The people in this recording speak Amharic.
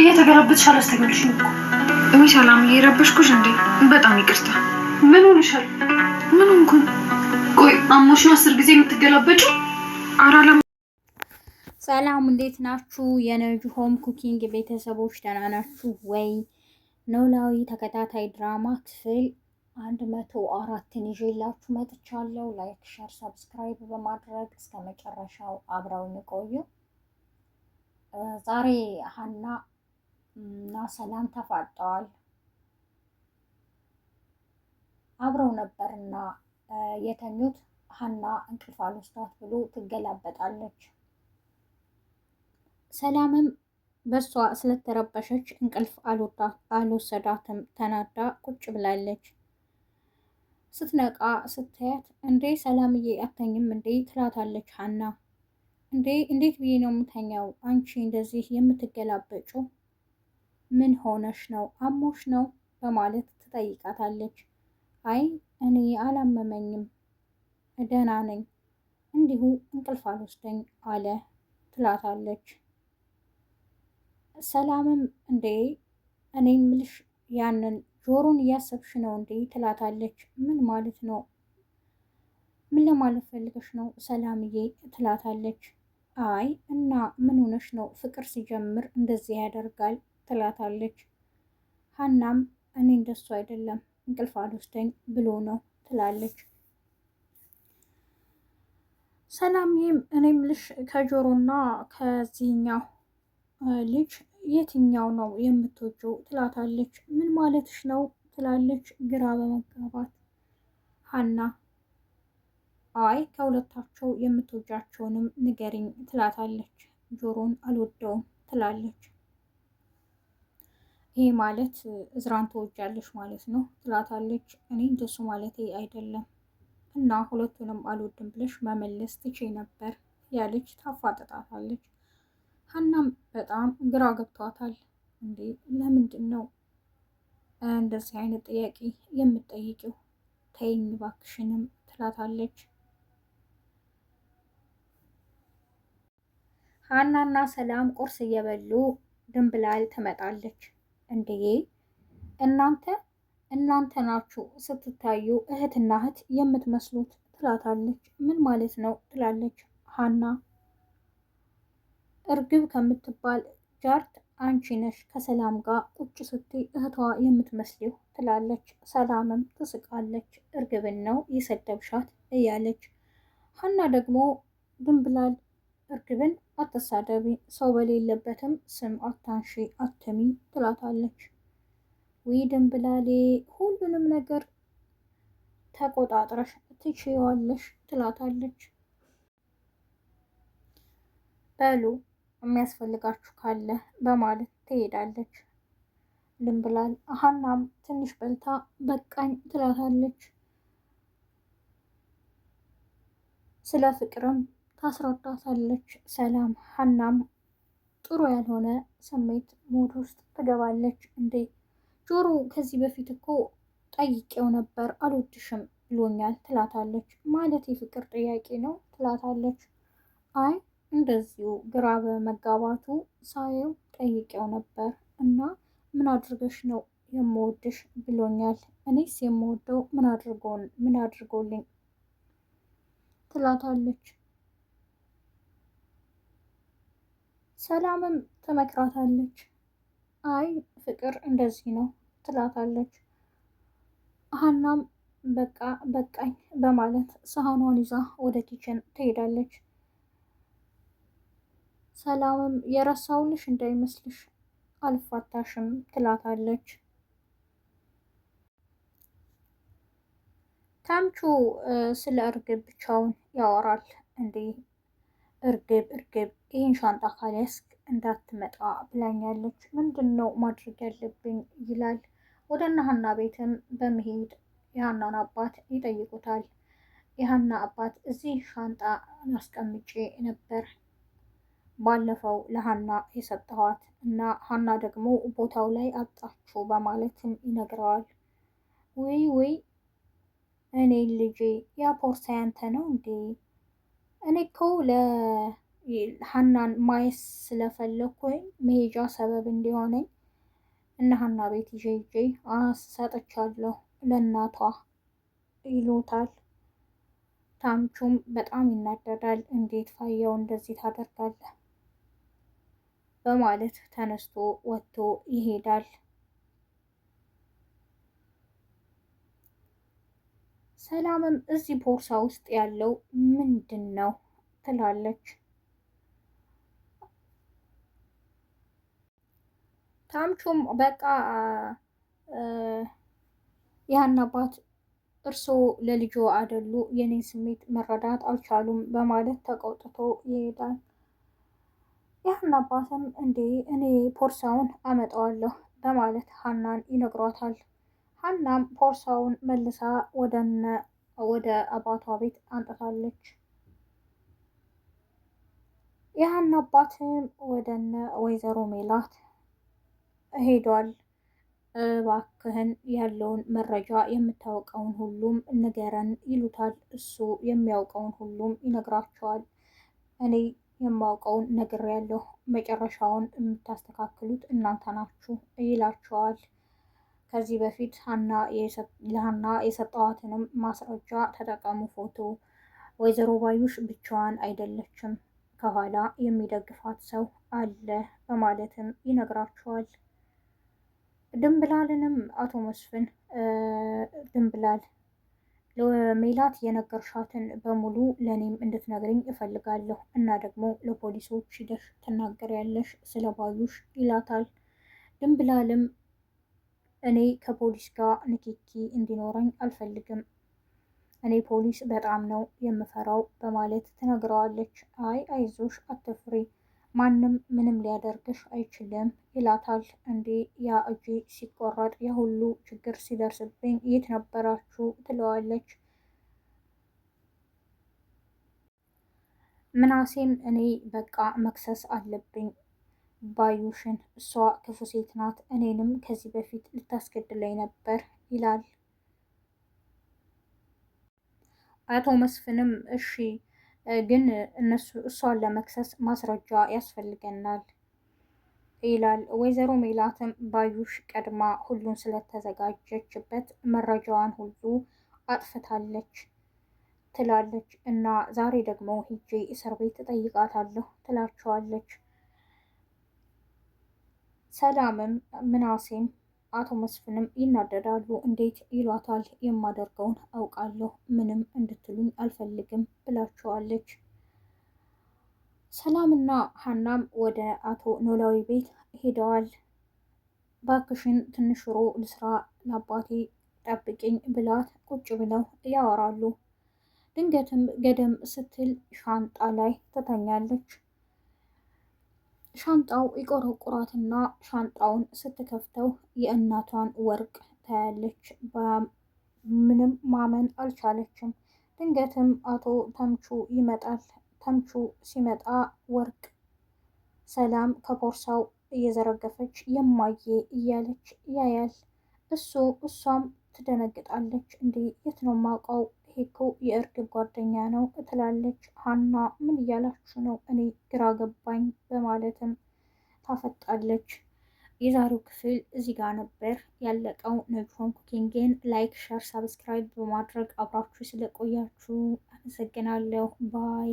ብዬ ተገላበጥሽ አላስተገልሽም እኮ። እኔ ሰላም የረበሽኩሽ እንዴ? በጣም ይቅርታ። ምን ሆንሻል? ምን ሆንኩኝ? ቆይ አሞሽ ነው አስር ጊዜ የምትገላበጭው? አራላ ሰላም፣ እንዴት ናችሁ? የነጂ ሆም ኩኪንግ ቤተሰቦች ደህና ናችሁ ወይ? ኖላዊ ተከታታይ ድራማ ክፍል አንድ መቶ አራትን ይዤላችሁ መጥቻለሁ። ላይክ፣ ሸር፣ ሰብስክራይብ በማድረግ እስከ መጨረሻው አብረውን ቆዩ። ዛሬ ሀና እና ሰላም ተፋጠዋል። አብረው ነበርና የተኙት ሀና እንቅልፍ አልወስዳት ብሎ ትገላበጣለች። ሰላምም በእሷ ስለተረበሸች እንቅልፍ አልወሰዳትም። ተናዳ ቁጭ ብላለች። ስትነቃ ስታያት እንዴ ሰላምዬ አተኝም እንዴ ትላታለች ሀና። እንዴ እንዴት ብዬ ነው የምተኛው አንቺ እንደዚህ የምትገላበጩ ምን ሆነሽ ነው አሞሽ ነው በማለት ትጠይቃታለች። አይ እኔ አላመመኝም ደህና ነኝ፣ እንዲሁ እንቅልፍ አልወስደኝ አለ ትላታለች። ሰላምም እንዴ እኔ ምልሽ ያንን ጆሮን እያሰብሽ ነው እንዴ ትላታለች። ምን ማለት ነው? ምን ለማለት ፈልገሽ ነው ሰላምዬ? ትላታለች። አይ እና ምን ሆነሽ ነው? ፍቅር ሲጀምር እንደዚህ ያደርጋል ትላታለች። ሀናም እኔ እንደሱ አይደለም እንቅልፍ አልወስደኝ ብሎ ነው ትላለች። ሰላምዬም እኔም ልሽ ከጆሮና ከዚህኛው ልጅ የትኛው ነው የምትወጀው ትላታለች። ምን ማለትሽ ነው ትላለች ግራ በመጋባት ሀና አይ ከሁለታቸው የምትወጃቸውንም ንገሪኝ ትላታለች። ጆሮን አልወደውም ትላለች። ይሄ ማለት እዝራን ትወጃለሽ ማለት ነው ትላታለች። እኔ እንደሱ ማለት አይደለም እና ሁለቱንም አልወድም ብለሽ መመለስ ትቼ ነበር ያለች ታፋጠጣታለች። ሀናም በጣም ግራ ገብቷታል። እንዴ ለምንድን ነው እንደዚህ አይነት ጥያቄ የምትጠይቂው? ተይኝ ባክሽንም ትላታለች። ሀናና ሰላም ቁርስ እየበሉ ድንብላል ትመጣለች። እንዴ እናንተ እናንተ ናችሁ ስትታዩ እህትና እህት የምትመስሉት ትላታለች። ምን ማለት ነው ትላለች ሀና። እርግብ ከምትባል ጃርት አንቺ ነሽ ከሰላም ጋር ቁጭ ስትይ እህቷ የምትመስሊው ትላለች። ሰላምም ትስቃለች። እርግብን ነው የሰደብሻት እያለች ሀና ደግሞ ድንብላል እርግብን አትሳደቢ፣ ሰው በሌለበትም ስም አታንሺ አትሚ ትላታለች። ውይ ድንብላሌ ሁሉንም ነገር ተቆጣጥረሽ ትችዋለሽ ትላታለች። በሉ የሚያስፈልጋችሁ ካለ በማለት ትሄዳለች። ድንብላል ሀናም ትንሽ በልታ በቃኝ ትላታለች። ስለ ፍቅርም ታስረዳታለች። ሰላም ሀናም ጥሩ ያልሆነ ስሜት ሞድ ውስጥ ትገባለች። እንዴ ጆሮ ከዚህ በፊት እኮ ጠይቄው ነበር አልወድሽም ብሎኛል ትላታለች። ማለት የፍቅር ጥያቄ ነው ትላታለች። አይ እንደዚሁ ግራ በመጋባቱ ሳየው ጠይቄው ነበር እና ምን አድርገሽ ነው የምወድሽ ብሎኛል። እኔስ የምወደው ምን አድርጎልኝ ትላታለች። ሰላምም ትመክራታለች። አይ ፍቅር እንደዚህ ነው ትላታለች። ሀናም በቃ በቃኝ በማለት ሰሃኗን ይዛ ወደ ኪችን ትሄዳለች። ሰላምም የረሳውልሽ እንዳይመስልሽ አልፋታሽም ትላታለች። ተምቹ ስለ እርግብ ብቻውን ያወራል እንዴ እርግብ እርግብ ይህን ሻንጣ ካልያዝክ እንዳትመጣ ብላኛለች። ምንድን ነው ማድረግ ያለብኝ ይላል። ወደ እነ ሀና ቤትም በመሄድ የሀናን አባት ይጠይቁታል። የሀና አባት እዚህ ሻንጣ አስቀምጬ ነበር ባለፈው ለሀና የሰጠኋት እና ሀና ደግሞ ቦታው ላይ አጣችሁ በማለትም ይነግረዋል። ውይ ውይ እኔ ልጄ ያ ያንተ ነው እንዴ? እኔ እኮ ለሀናን ማየት ስለፈለግኩ መሄጃ ሰበብ እንዲሆነኝ እነ ሀና ቤት ይዤ ይዤ ሰጥቻለሁ ለእናቷ ይሉታል። ታምቹም በጣም ይናደዳል። እንዴት ፋየው እንደዚህ ታደርጋለህ? በማለት ተነስቶ ወጥቶ ይሄዳል። ሰላምም እዚህ ቦርሳ ውስጥ ያለው ምንድን ነው ትላለች። ታምቹም በቃ ያን አባት እርስዎ ለልጆ አይደሉ የኔን ስሜት መረዳት አልቻሉም በማለት ተቆጥቶ ይሄዳል። ያን አባትም እንዴ እኔ ቦርሳውን አመጣዋለሁ በማለት ሀናን ይነግሯታል። ሀናም ቦርሳውን መልሳ ወደነ ወደ አባቷ ቤት አንጥታለች። የሀና አባትም ወደነ ወይዘሮ ሜላት ሄዷል። እባክህን ያለውን መረጃ የምታውቀውን ሁሉም ንገረን ይሉታል። እሱ የሚያውቀውን ሁሉም ይነግራቸዋል። እኔ የማውቀውን ነግሬያለሁ፣ መጨረሻውን የምታስተካክሉት እናንተ ናችሁ ይላቸዋል። ከዚህ በፊት ለሀና የሰጠዋትንም ማስረጃ ተጠቀሙ። ፎቶ ወይዘሮ ባዩሽ ብቻዋን አይደለችም፣ ከኋላ የሚደግፋት ሰው አለ በማለትም ይነግራቸዋል። ድንብላልንም አቶ መስፍን ድንብላል ሜላት የነገርሻትን በሙሉ ለእኔም እንድትነግርኝ እፈልጋለሁ እና ደግሞ ለፖሊሶች ሂደሽ ትናገሪያለሽ ስለ ባዩሽ ይላታል። ድንብላልም እኔ ከፖሊስ ጋር ንኪኪ እንዲኖረኝ አልፈልግም። እኔ ፖሊስ በጣም ነው የምፈራው በማለት ትነግረዋለች። አይ አይዞሽ፣ አትፍሪ፣ ማንም ምንም ሊያደርግሽ አይችልም ይላታል። እንዴ ያ እጂ ሲቆረጥ የሁሉ ችግር ሲደርስብኝ የት ነበራችሁ? ትለዋለች። ምናሴም እኔ በቃ መክሰስ አለብኝ ባዩሽን እሷ ክፉ ሴት ናት፣ እኔንም ከዚህ በፊት ልታስገድለኝ ነበር ይላል። አቶ መስፍንም እሺ፣ ግን እነሱ እሷን ለመክሰስ ማስረጃ ያስፈልገናል ይላል። ወይዘሮ ሜላትም ባዩሽ ቀድማ ሁሉን ስለተዘጋጀችበት መረጃዋን ሁሉ አጥፍታለች ትላለች። እና ዛሬ ደግሞ ሂጄ እስር ቤት እጠይቃታለሁ ትላቸዋለች። ሰላምም ምናሴም አቶ መስፍንም ይናደዳሉ። እንዴት ይሏታል። የማደርገውን አውቃለሁ፣ ምንም እንድትሉኝ አልፈልግም ብላችኋለች። ሰላምና ሀናም ወደ አቶ ኖላዊ ቤት ሄደዋል። ባክሽን ትንሽ ሽሮ ልስራ ለአባቴ ጠብቅኝ ብላት ቁጭ ብለው ያወራሉ። ድንገትም ገደም ስትል ሻንጣ ላይ ትተኛለች። ሻንጣው ይቆረቁራትና ሻንጣውን ስትከፍተው የእናቷን ወርቅ ታያለች። ምንም ማመን አልቻለችም። ድንገትም አቶ ተምቹ ይመጣል። ተምቹ ሲመጣ ወርቅ ሰላም ከቦርሳው እየዘረገፈች የማየ እያለች ያያል። እሱ እሷም ትደነግጣለች። እንዴ የት ነው ማውቀው እኮ የእርግብ ጓደኛ ነው ትላለች ሀና። ምን እያላችሁ ነው? እኔ ግራ ገባኝ በማለትም ታፈጣለች። የዛሬው ክፍል እዚህ ጋር ነበር ያለቀው። ነጆን ኩኪንግን ላይክ፣ ሸር፣ ሳብስክራይብ በማድረግ አብራችሁ ስለቆያችሁ አመሰግናለሁ። ባይ